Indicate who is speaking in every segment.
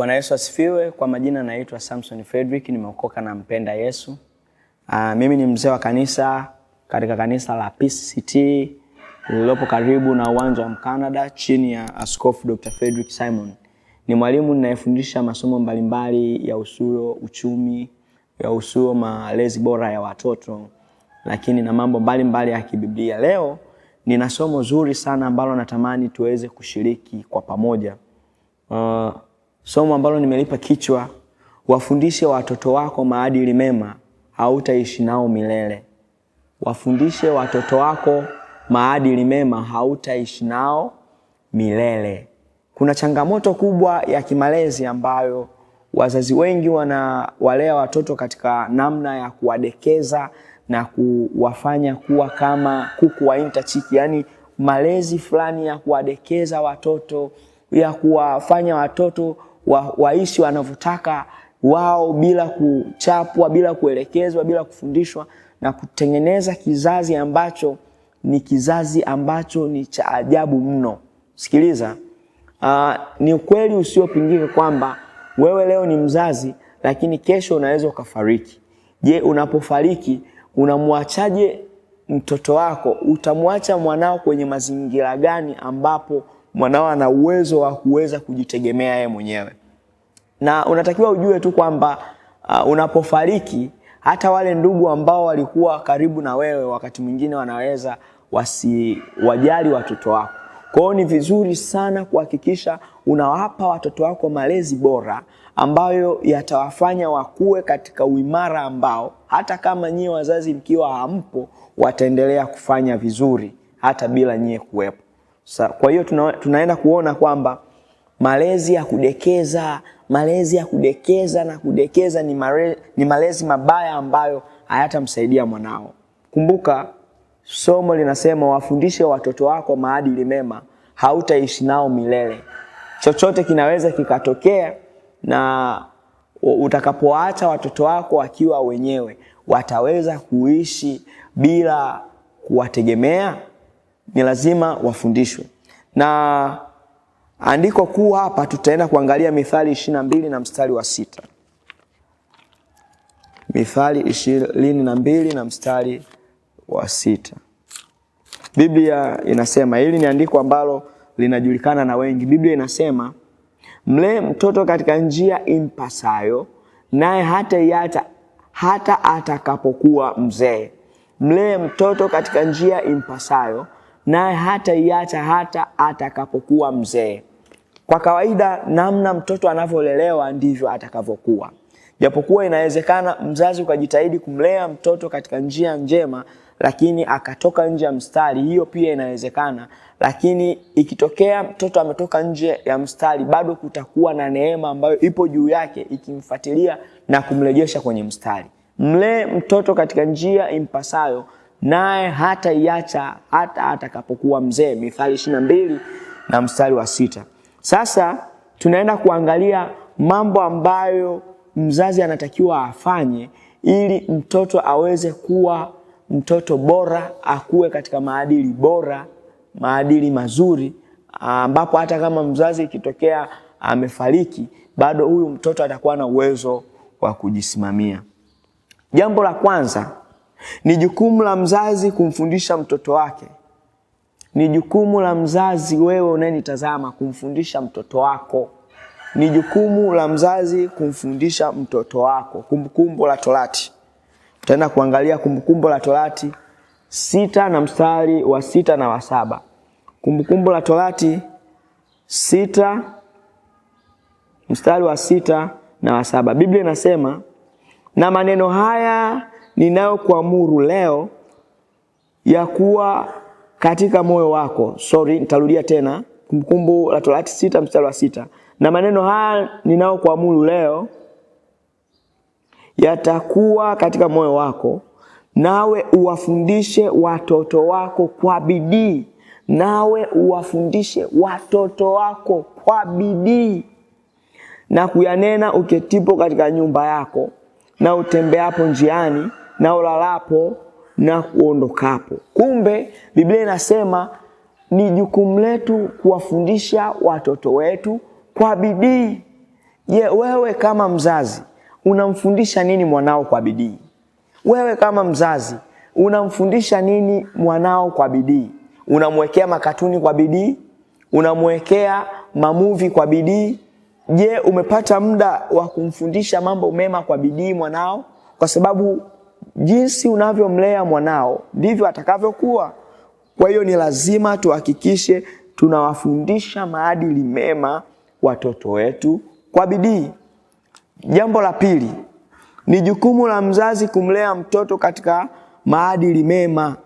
Speaker 1: Bwana Yesu asifiwe. Kwa majina naitwa Samson Fredrick, nimeokoka na mpenda Yesu. Aa, ah, mimi ni mzee wa kanisa katika kanisa la pcct lililopo karibu na uwanja wa Mkanada chini ya Askofu Dr. Frederick Simon. Ni mwalimu ninayefundisha masomo mbalimbali ya usuo uchumi, ya usuo malezi bora ya watoto, lakini na mambo mbalimbali ya kibiblia. Leo nina somo zuri sana ambalo natamani tuweze kushiriki kwa pamoja. Uh, Somo ambalo nimelipa kichwa, wafundishe watoto wako maadili mema, hautaishi nao milele. Wafundishe watoto wako maadili mema, hautaishi nao milele. Kuna changamoto kubwa ya kimalezi ambayo wazazi wengi wanawalea watoto katika namna ya kuwadekeza na kuwafanya kuwa kama kuku wa intachiki yaani malezi fulani ya kuwadekeza watoto, ya kuwafanya watoto wa, waishi wanavyotaka wao bila kuchapwa, bila kuelekezwa, bila kufundishwa na kutengeneza kizazi ambacho ni kizazi ambacho ni cha ajabu mno. Sikiliza, uh, ni ukweli usiopingika kwamba wewe leo ni mzazi, lakini kesho unaweza ukafariki. Je, unapofariki unamwachaje mtoto wako? Utamwacha mwanao kwenye mazingira gani ambapo mwanao ana uwezo wa kuweza kujitegemea yeye mwenyewe, na unatakiwa ujue tu kwamba uh, unapofariki hata wale ndugu ambao walikuwa karibu na wewe wakati mwingine wanaweza wasiwajali watoto wako. Kwa hiyo ni vizuri sana kuhakikisha unawapa watoto wako malezi bora ambayo yatawafanya wakue katika uimara ambao hata kama nyie wazazi mkiwa hampo wataendelea kufanya vizuri hata bila nyie kuwepo. Sa, kwa hiyo tuna, tunaenda kuona kwamba malezi ya kudekeza malezi ya kudekeza na kudekeza ni, mare, ni malezi mabaya ambayo hayatamsaidia mwanao. Kumbuka somo linasema wafundishe watoto wako maadili mema, hautaishi nao milele. Chochote kinaweza kikatokea, na utakapoacha watoto wako wakiwa wenyewe, wataweza kuishi bila kuwategemea? ni lazima wafundishwe. Na andiko kuu hapa tutaenda kuangalia Mithali ishirini na mbili na mstari wa sita. Mithali ishirini na mbili na mstari wa sita. Biblia inasema, hili ni andiko ambalo linajulikana na wengi. Biblia inasema, mlee mtoto katika njia impasayo, naye hata yata hata atakapokuwa mzee. Mlee mtoto katika njia impasayo naye hataiacha hata atakapokuwa mzee. Kwa kawaida, namna mtoto anavyolelewa ndivyo atakavyokuwa. Japokuwa inawezekana mzazi ukajitahidi kumlea mtoto katika njia njema, lakini akatoka nje ya mstari, hiyo pia inawezekana. Lakini ikitokea mtoto ametoka nje ya mstari, bado kutakuwa na neema ambayo ipo juu yake ikimfuatilia na kumrejesha kwenye mstari. Mlee mtoto katika njia impasayo naye hata iacha hata atakapokuwa mzee. Mithali ishirini na mbili na mstari wa sita. Sasa tunaenda kuangalia mambo ambayo mzazi anatakiwa afanye ili mtoto aweze kuwa mtoto bora, akuwe katika maadili bora, maadili mazuri, ambapo hata kama mzazi ikitokea amefariki, bado huyu mtoto atakuwa na uwezo wa kujisimamia. Jambo la kwanza ni jukumu la mzazi kumfundisha mtoto wake. Ni jukumu la mzazi, wewe unayenitazama, kumfundisha mtoto wako. Ni jukumu la mzazi kumfundisha mtoto wako. Kumbukumbu la Torati, tutaenda kuangalia Kumbukumbu la Torati sita na mstari wa sita na wa saba. Kumbukumbu la Torati sita mstari wa sita na wa saba, Biblia inasema na maneno haya ninayokuamuru leo ya kuwa katika moyo wako. Sorry, nitarudia tena Kumbukumbu la Torati sita mstari wa sita na maneno haya ninayokuamuru leo yatakuwa katika moyo wako, nawe uwafundishe watoto wako kwa bidii, nawe uwafundishe watoto wako kwa bidii na kuyanena uketipo katika nyumba yako na utembeapo njiani na ulalapo na kuondokapo Kumbe Biblia inasema ni jukumu letu kuwafundisha watoto wetu kwa bidii. Je, wewe kama mzazi unamfundisha nini mwanao kwa bidii? Wewe kama mzazi unamfundisha nini mwanao kwa bidii? Unamwekea makatuni kwa bidii? Unamwekea mamuvi kwa bidii? Je, umepata muda wa kumfundisha mambo mema kwa bidii mwanao? Kwa sababu jinsi unavyomlea mwanao ndivyo atakavyokuwa. Kwa hiyo ni lazima tuhakikishe tunawafundisha maadili mema watoto wetu kwa bidii. Jambo la pili ni jukumu la mzazi kumlea mtoto katika maadili mema.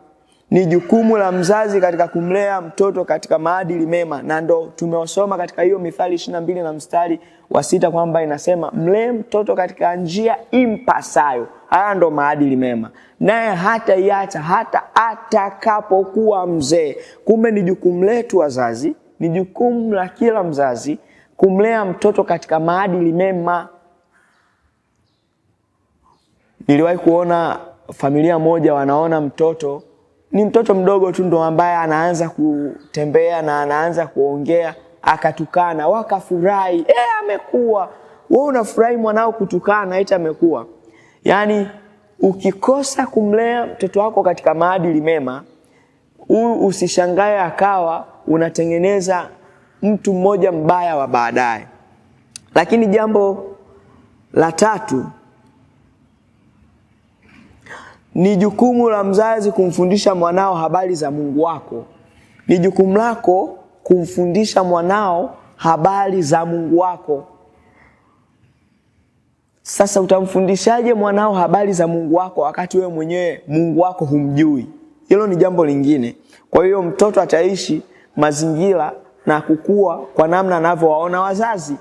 Speaker 1: Ni jukumu la mzazi katika kumlea mtoto katika maadili mema, na ndo tumeosoma katika hiyo Mithali ishirini na mbili na mstari wa sita kwamba inasema mlee mtoto katika njia impasayo. Haya ndo maadili mema, naye hata iacha hata atakapokuwa mzee. Kumbe ni jukumu letu wazazi, ni jukumu la kila mzazi kumlea mtoto katika maadili mema. Niliwahi kuona familia moja wanaona mtoto ni mtoto mdogo tu ndo ambaye anaanza kutembea na anaanza kuongea, akatukana, wakafurahi e, eh, amekuwa. Wewe unafurahi mwanao kutukana, eti amekuwa. Yaani ukikosa kumlea mtoto wako katika maadili mema, huyu usishangae akawa unatengeneza mtu mmoja mbaya wa baadaye. Lakini jambo la tatu ni jukumu la mzazi kumfundisha mwanao habari za Mungu wako. Ni jukumu lako kumfundisha mwanao habari za Mungu wako. Sasa utamfundishaje mwanao habari za Mungu wako wakati wewe mwenyewe Mungu wako humjui? Hilo ni jambo lingine. Kwa hiyo mtoto ataishi mazingira na kukua kwa namna anavyowaona wazazi,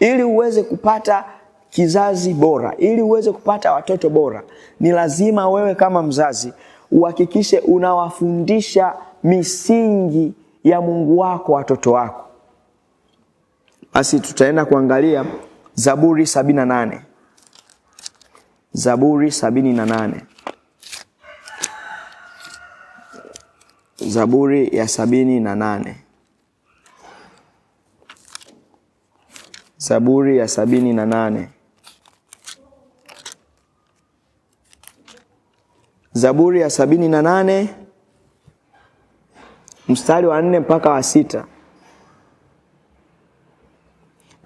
Speaker 1: ili uweze kupata kizazi bora, ili uweze kupata watoto bora, ni lazima wewe kama mzazi uhakikishe unawafundisha misingi ya Mungu wako watoto wako. Basi tutaenda kuangalia Zaburi 78. Zaburi 78. Zaburi ya nane. Zaburi ya 78. Zaburi ya sabini na nane mstari wa nne mpaka wa sita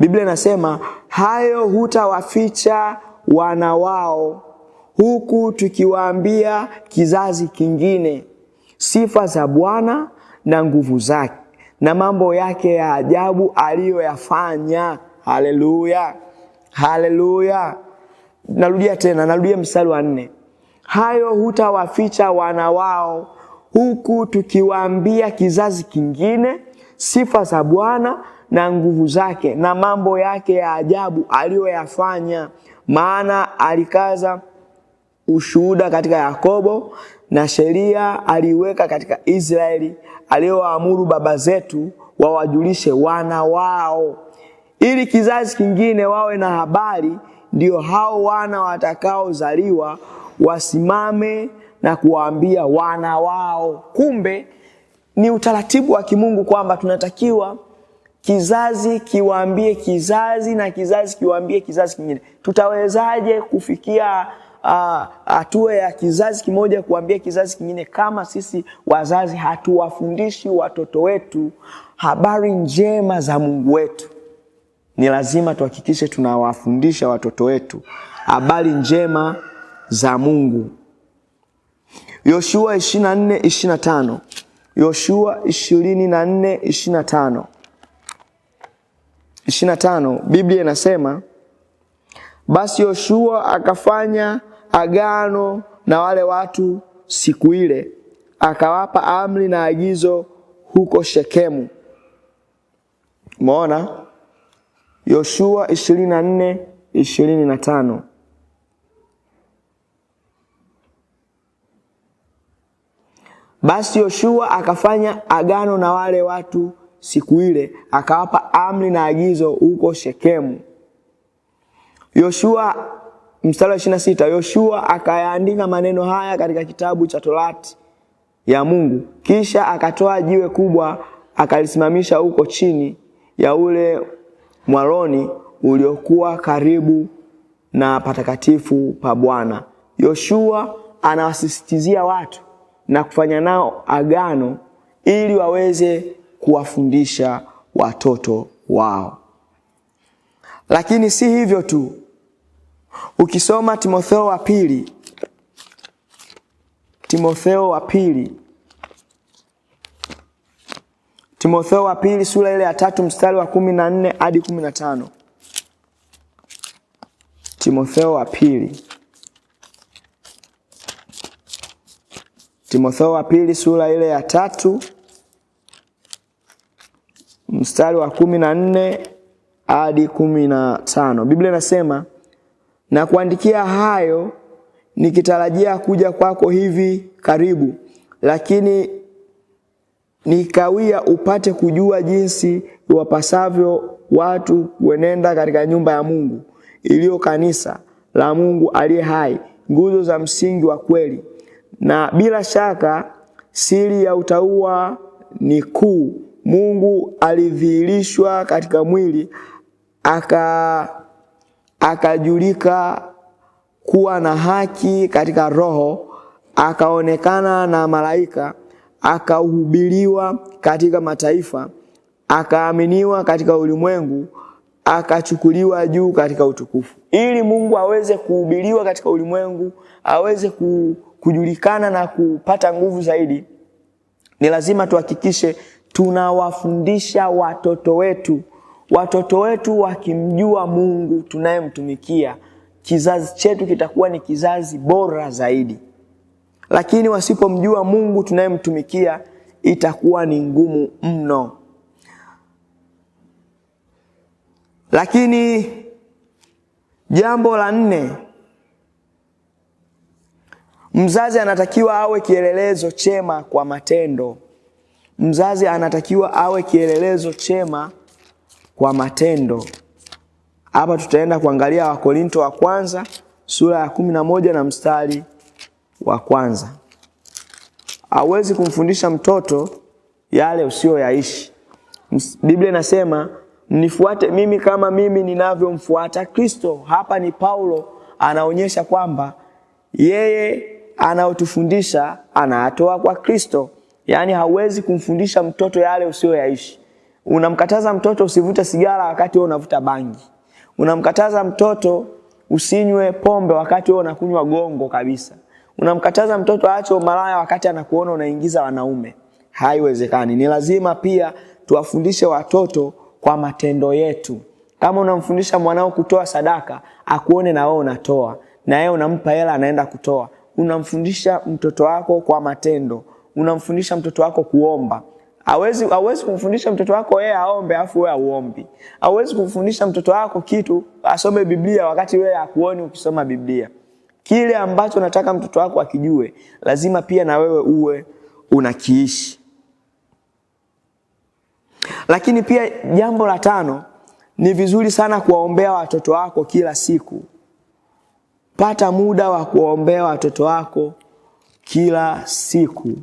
Speaker 1: Biblia inasema hayo hutawaficha wana wao, huku tukiwaambia kizazi kingine sifa za Bwana na nguvu zake na mambo yake ya ajabu aliyoyafanya. Haleluya, haleluya! Narudia tena, narudia mstari wa nne hayo hutawaficha wana wao, huku tukiwaambia kizazi kingine sifa za Bwana na nguvu zake na mambo yake ya ajabu aliyoyafanya. Maana alikaza ushuhuda katika Yakobo na sheria aliiweka katika Israeli, aliyowaamuru baba zetu wawajulishe wana wao, ili kizazi kingine wawe na habari, ndio hao wana watakaozaliwa wasimame na kuwaambia wana wao. Kumbe ni utaratibu wa kimungu kwamba tunatakiwa kizazi kiwaambie kizazi na kizazi kiwaambie kizazi kingine. Tutawezaje kufikia hatua ya kizazi kimoja kuambia kizazi kingine kama sisi wazazi hatuwafundishi watoto wetu habari njema za Mungu wetu? Ni lazima tuhakikishe tunawafundisha watoto wetu habari njema za Mungu. Yoshua 24:25. Yoshua 24:25. 25, Biblia inasema basi Yoshua akafanya agano na wale watu siku ile, akawapa amri na agizo huko Shekemu. Umeona Yoshua 24:25. Basi Yoshua akafanya agano na wale watu siku ile, akawapa amri na agizo huko Shekemu. Yoshua mstari wa sita, Yoshua akayaandika maneno haya katika kitabu cha Torati ya Mungu, kisha akatoa jiwe kubwa akalisimamisha huko chini ya ule mwaloni uliokuwa karibu na patakatifu pa Bwana. Yoshua anawasisitizia watu na kufanya nao agano ili waweze kuwafundisha watoto wao. Lakini si hivyo tu, ukisoma Timotheo wa pili, Timotheo wa pili, Timotheo wa pili sura ile ya tatu mstari wa kumi na nne hadi kumi na tano Timotheo wa pili Timotheo wa pili sura ile ya tatu mstari wa kumi na nne hadi kumi na tano Biblia inasema na kuandikia hayo nikitarajia kuja kwako hivi karibu, lakini nikawia upate kujua jinsi iwapasavyo watu kuenenda katika nyumba ya Mungu iliyo kanisa la Mungu aliye hai, nguzo za msingi wa kweli na bila shaka siri ya utauwa ni kuu. Mungu alidhihirishwa katika mwili aka akajulika kuwa na haki katika roho, akaonekana na malaika, akahubiriwa katika mataifa, akaaminiwa katika ulimwengu, akachukuliwa juu katika utukufu. Ili Mungu aweze kuhubiriwa katika ulimwengu, aweze ku kujulikana na kupata nguvu zaidi, ni lazima tuhakikishe tunawafundisha watoto wetu, watoto wetu wakimjua Mungu tunayemtumikia, kizazi chetu kitakuwa ni kizazi bora zaidi. Lakini wasipomjua Mungu tunayemtumikia itakuwa ni ngumu mno. Lakini jambo la nne Mzazi anatakiwa awe kielelezo chema kwa matendo. Mzazi anatakiwa awe kielelezo chema kwa matendo. Hapa tutaenda kuangalia Wakorinto wa kwanza sura ya kumi na moja na mstari wa kwanza. Hawezi kumfundisha mtoto yale usiyoyaishi. Biblia inasema mnifuate mimi kama mimi ninavyomfuata Kristo. Hapa ni Paulo anaonyesha kwamba yeye anayotufundisha anayatoa kwa Kristo. Yaani hauwezi kumfundisha mtoto yale usiyoyaishi. Unamkataza mtoto usivute sigara wakati wewe unavuta bangi. Unamkataza mtoto usinywe pombe wakati wewe unakunywa gongo kabisa. Unamkataza mtoto aache umalaya wakati anakuona unaingiza wanaume. Haiwezekani. Ni lazima pia tuwafundishe watoto kwa matendo yetu. Kama unamfundisha mwanao kutoa sadaka, akuone na wewe unatoa, na yeye unampa hela anaenda kutoa unamfundisha mtoto wako kwa matendo, unamfundisha mtoto wako kuomba. Awezi, awezi kumfundisha mtoto wako yeye aombe afu wewe auombi. Awezi kumfundisha mtoto wako kitu asome Biblia wakati wewe hakuoni ukisoma Biblia. Kile ambacho nataka mtoto wako akijue, lazima pia na wewe uwe unakiishi. Lakini pia jambo la tano, ni vizuri sana kuwaombea watoto wako kila siku. Pata muda wa kuombea watoto wako kila siku.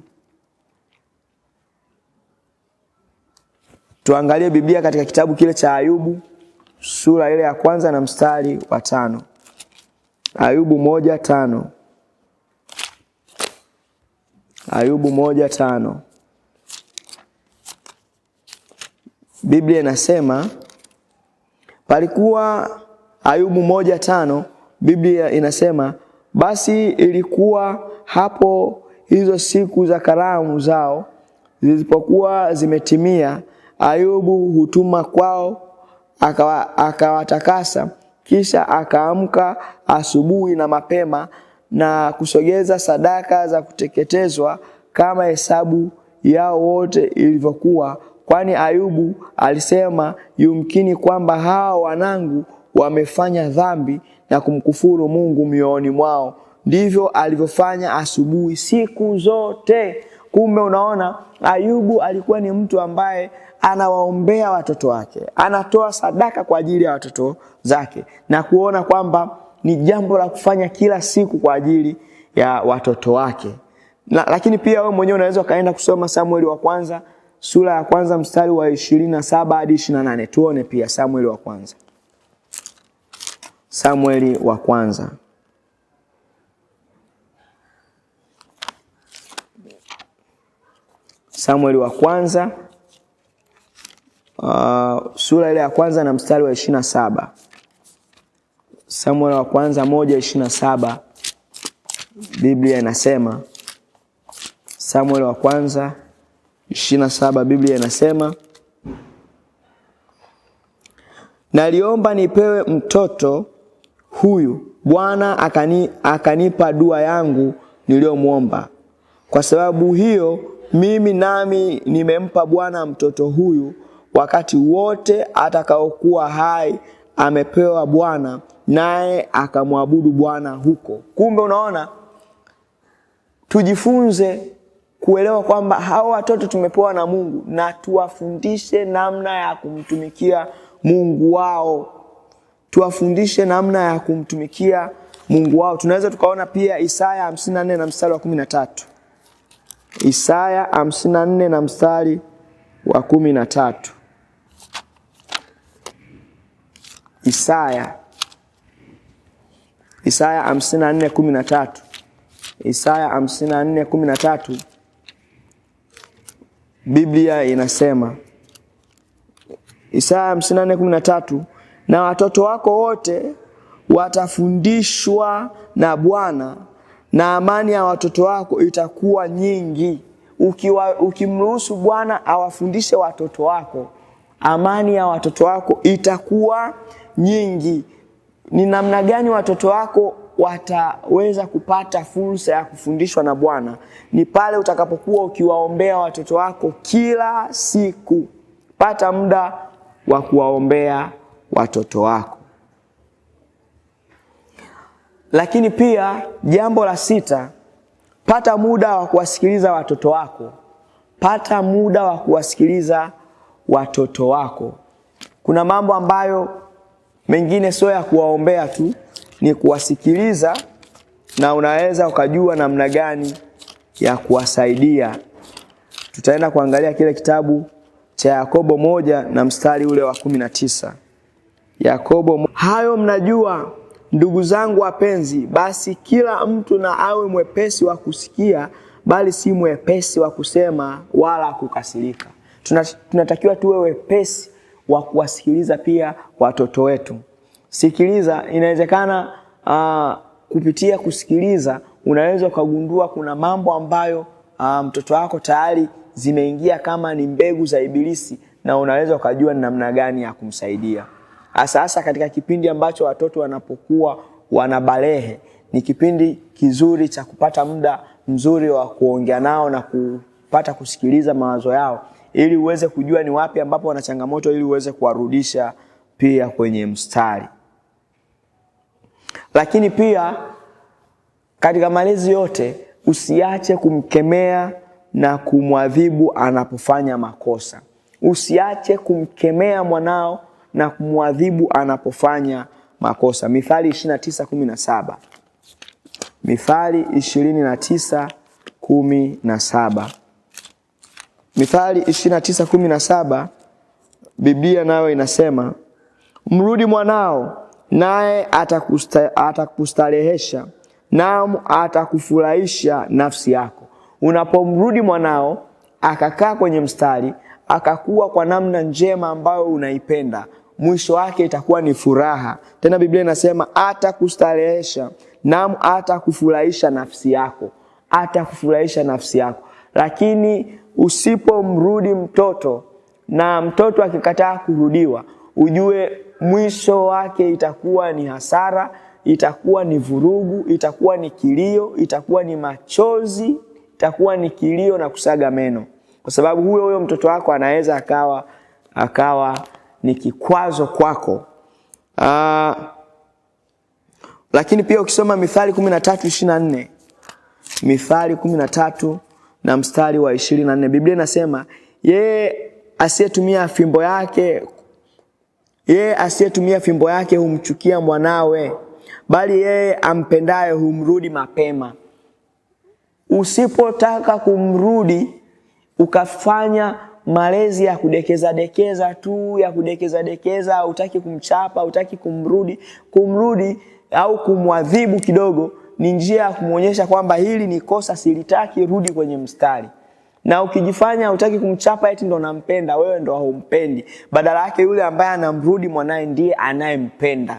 Speaker 1: Tuangalie Biblia katika kitabu kile cha Ayubu sura ile ya kwanza na mstari wa tano. Ayubu moja tano. Ayubu moja tano. Biblia inasema palikuwa Ayubu moja tano Biblia inasema basi ilikuwa hapo hizo siku za karamu zao zilipokuwa zimetimia, Ayubu hutuma kwao akawatakasa, kisha akaamka asubuhi na mapema na kusogeza sadaka za kuteketezwa kama hesabu yao wote ilivyokuwa, kwani Ayubu alisema yumkini kwamba hao wanangu wamefanya dhambi ya kumkufuru Mungu mioyoni mwao. Ndivyo alivyofanya asubuhi siku zote. Kumbe unaona, Ayubu alikuwa ni mtu ambaye anawaombea watoto wake, anatoa sadaka kwa ajili ya watoto zake, na kuona kwamba ni jambo la kufanya kila siku kwa ajili ya watoto wake. Na, lakini pia wewe mwenyewe unaweza ukaenda kusoma Samueli wa kwanza sura ya kwanza mstari wa ishirini na saba hadi ishirini na nane tuone pia Samueli wa kwanza Samueli wa kwanza Samueli wa kwanza uh, sura ile ya kwanza na mstari wa ishirini na saba Samueli wa kwanza moja ishirini na saba Biblia inasema Samueli wa kwanza ishirini na saba Biblia inasema naliomba nipewe mtoto huyu Bwana akani, akanipa dua yangu niliyomwomba. Kwa sababu hiyo mimi nami nimempa Bwana mtoto huyu, wakati wote atakaokuwa hai amepewa Bwana, naye akamwabudu Bwana huko. Kumbe unaona, tujifunze kuelewa kwamba hawa watoto tumepewa na Mungu na tuwafundishe namna ya kumtumikia Mungu wao tuwafundishe namna ya kumtumikia Mungu wao. Tunaweza tukaona pia Isaya 54 na mstari wa 13. Isaya 54 na mstari wa 13. Isaya Isaya 54:13. Isaya 54:13. Biblia inasema Isaya na watoto wako wote watafundishwa na Bwana, na amani ya watoto wako itakuwa nyingi. Ukiwa, ukimruhusu Bwana awafundishe watoto wako, amani ya watoto wako itakuwa nyingi. Ni namna gani watoto wako wataweza kupata fursa ya kufundishwa na Bwana? Ni pale utakapokuwa ukiwaombea watoto wako kila siku. Pata muda wa kuwaombea watoto wako. Lakini pia jambo la sita, pata muda wa kuwasikiliza watoto wako. Pata muda wa kuwasikiliza watoto wako. Kuna mambo ambayo mengine sio ya kuwaombea tu, ni kuwasikiliza, na unaweza ukajua namna gani ya kuwasaidia. Tutaenda kuangalia kile kitabu cha Yakobo moja na mstari ule wa kumi na tisa. Yakobo. Hayo mnajua ndugu zangu wapenzi, basi kila mtu na awe mwepesi wa kusikia, bali si mwepesi wa kusema wala kukasirika. Tunatakiwa tuwe wepesi wa kuwasikiliza pia watoto wetu. Sikiliza, inawezekana uh, kupitia kusikiliza unaweza ukagundua kuna mambo ambayo ah, mtoto um, wako tayari zimeingia kama ni mbegu za Ibilisi, na unaweza ukajua ni namna gani ya kumsaidia hasa hasa katika kipindi ambacho watoto wanapokuwa wanabalehe, ni kipindi kizuri cha kupata muda mzuri wa kuongea nao na kupata kusikiliza mawazo yao, ili uweze kujua ni wapi ambapo wana changamoto, ili uweze kuwarudisha pia kwenye mstari. Lakini pia katika malezi yote usiache kumkemea na kumwadhibu anapofanya makosa. Usiache kumkemea mwanao na kumwadhibu anapofanya makosa. Mithali 29:17. Mithali 29:17. Mithali 29:17 Biblia nayo inasema, mrudi mwanao naye atakustarehesha, naam atakufurahisha nafsi yako. Unapomrudi mwanao akakaa kwenye mstari, akakuwa kwa namna njema ambayo unaipenda mwisho wake itakuwa ni furaha. Tena Biblia inasema atakustarehesha, naam, atakufurahisha nafsi yako, atakufurahisha nafsi yako. Lakini usipomrudi mtoto na mtoto akikataa kurudiwa, ujue mwisho wake itakuwa ni hasara, itakuwa ni vurugu, itakuwa ni kilio, itakuwa ni machozi, itakuwa ni kilio na kusaga meno, kwa sababu huyo huyo mtoto wako anaweza akawa akawa ni kikwazo kwako. Uh, lakini pia ukisoma Mithali kumi na tatu ishirini na nne Mithali kumi na tatu na mstari wa ishirini na nne Biblia inasema yeye asiyetumia fimbo yake yeye asiyetumia fimbo yake humchukia mwanawe, bali yeye ampendaye humrudi mapema. Usipotaka kumrudi ukafanya malezi ya kudekeza dekeza tu ya kudekeza dekeza, hautaki kumchapa, hautaki kumrudi kumrudi au kumwadhibu kidogo, ni njia ya kumwonyesha kwamba hili ni kosa, silitaki, rudi kwenye mstari. Na ukijifanya hutaki kumchapa eti ndo nampenda, wewe ndo haumpendi. Badala yake yule ambaye anamrudi mwanaye ndiye anayempenda.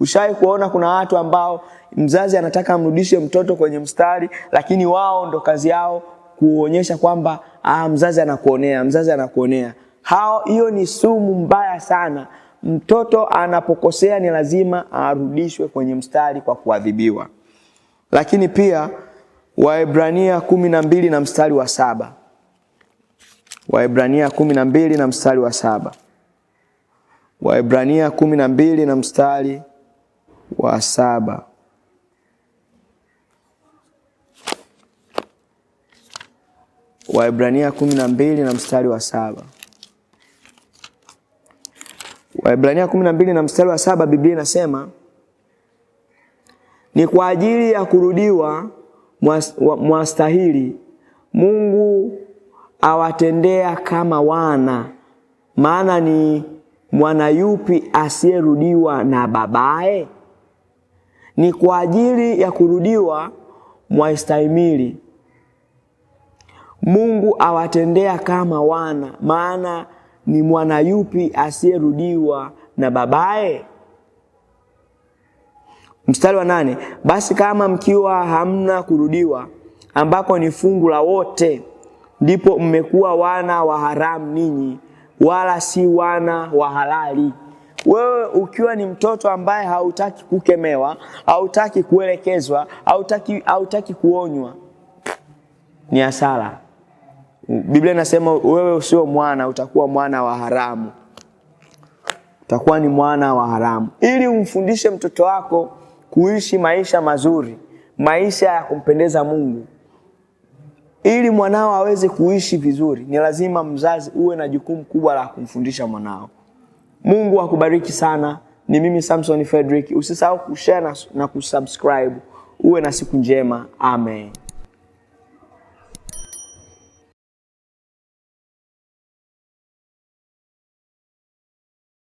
Speaker 1: Ushawahi kuona kuna watu ambao mzazi anataka amrudishe mtoto kwenye mstari, lakini wao ndo kazi yao kuonyesha kwamba ah, mzazi anakuonea, mzazi anakuonea. Hao, hiyo ni sumu mbaya sana. Mtoto anapokosea ni lazima arudishwe kwenye mstari kwa kuadhibiwa. Lakini pia Waebrania kumi na mbili na mstari wa saba Waebrania kumi na mbili na mstari wa saba Waebrania kumi na mbili na mstari wa saba Waibrania kumi na mbili na mstari wa saba. Waibrania kumi na mbili na mstari wa saba, Biblia inasema ni kwa ajili ya kurudiwa mwastahili Mungu awatendea kama wana, maana ni mwana yupi asiyerudiwa na babaye? Ni kwa ajili ya kurudiwa mwaistahimili Mungu awatendea kama wana, maana ni mwana yupi asiyerudiwa na babaye? Mstari wa nane, basi kama mkiwa hamna kurudiwa, ambako ni fungu la wote, ndipo mmekuwa wana wa haramu ninyi, wala si wana wa halali. Wewe ukiwa ni mtoto ambaye hautaki kukemewa, hautaki kuelekezwa, hautaki, hautaki kuonywa, ni hasara. Biblia inasema wewe usio mwana, utakuwa mwana wa haramu, utakuwa ni mwana wa haramu. Ili umfundishe mtoto wako kuishi maisha mazuri, maisha ya kumpendeza Mungu, ili mwanao aweze kuishi vizuri, ni lazima mzazi uwe na jukumu kubwa la kumfundisha mwanao. Mungu akubariki sana. Ni mimi Samson Frederick, usisahau kushare na, na kusubscribe. Uwe na siku njema, amen.